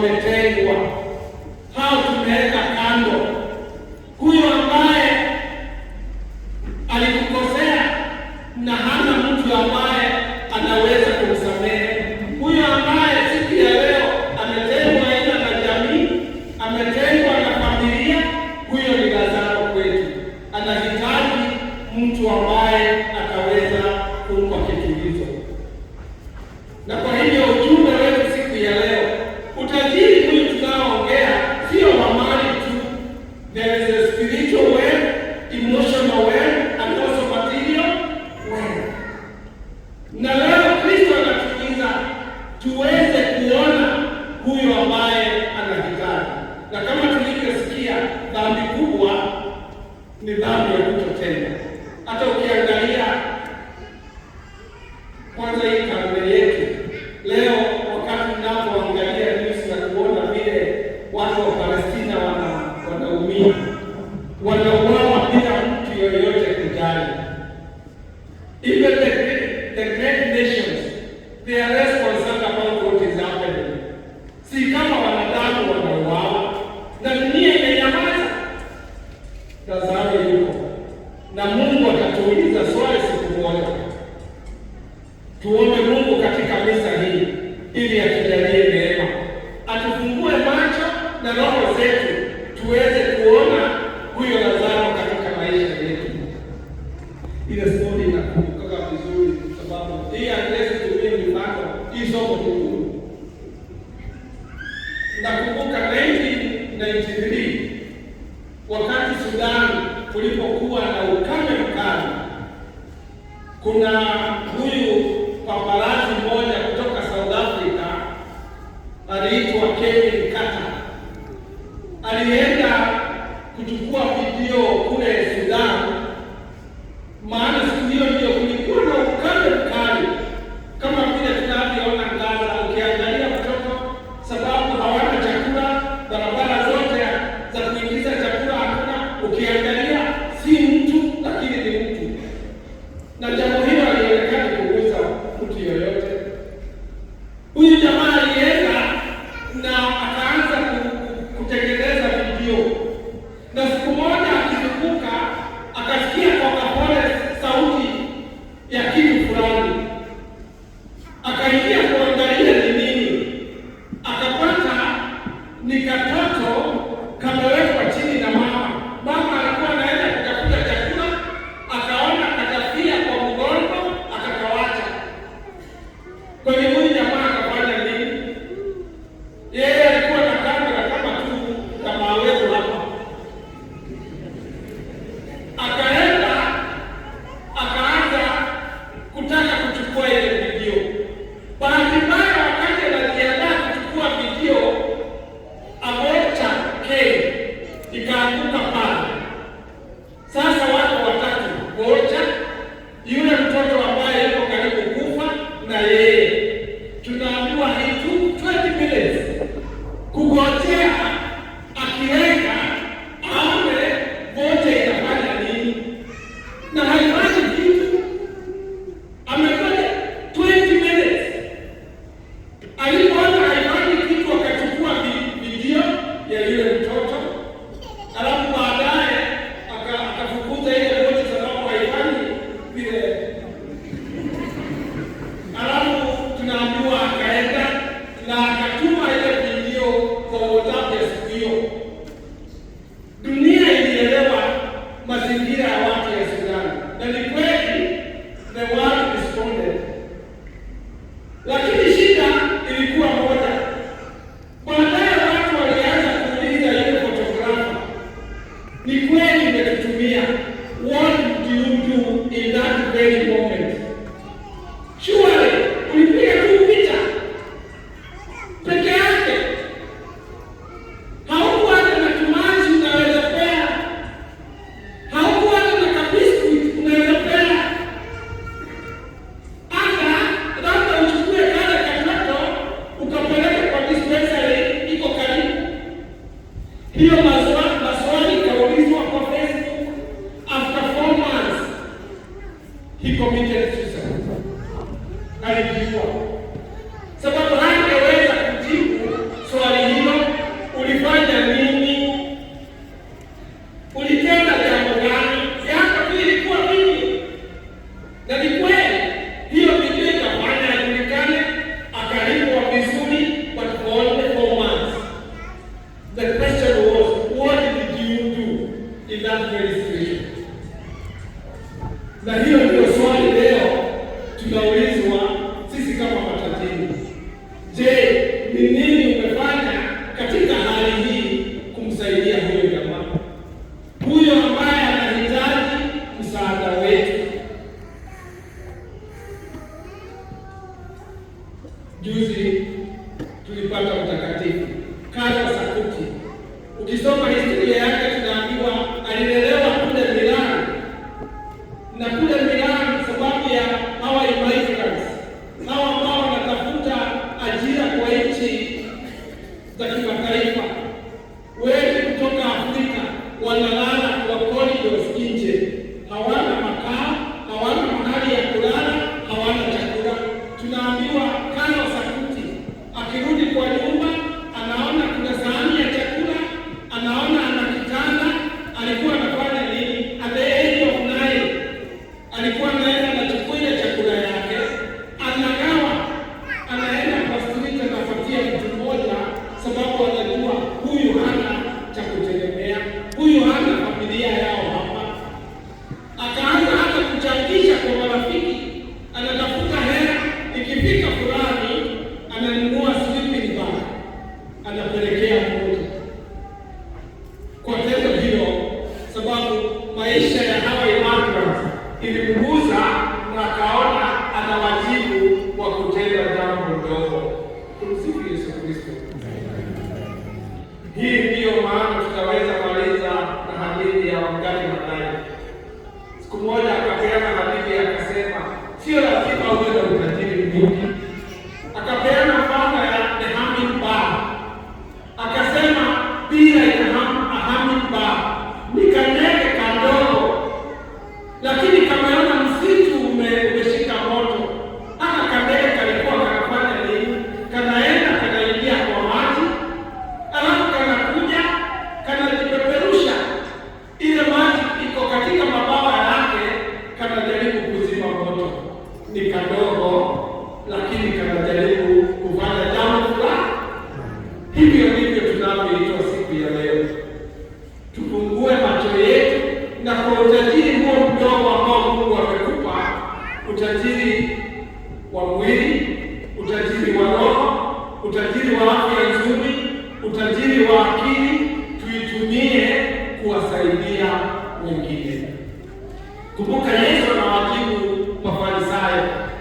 formed dhambi kubwa ni dhambi ya kutotenda. Hata ukiangalia kulipokuwa na ukame mkali, kuna huyu pambalazi mmoja kutoka South Africa aliitwa Kevin Kata alienda kuchukua video kule Sudan Now, God hiyo maswali ikaulizwa kwa Facebook. After four months he committed suicide, alijiua sababu hangeweza kujibu swali hilo, ulifanya nini? Ulitenda jambo gani? Yako tu ilikuwa nini? Na ni kweli hiyo ikafanya ajulikane, akalipwa vizuri, but for only four months the question ಇಲ್ಲಂತ ತಿಳಿಸಿ ukimgusa nakaona ana wajibu wa kutenda jambo ndogo. Tumsifu Yesu Kristo. Hii ndiyo maana tutaweza maliza na hadithi ya Mgani Mathayo. Siku moja akapeana hadithi akasema, sio lazima utajiri wa afya nzuri, utajiri wa akili tuitumie kuwasaidia wengine. Kumbuka Yesu anawajibu Mafarisayo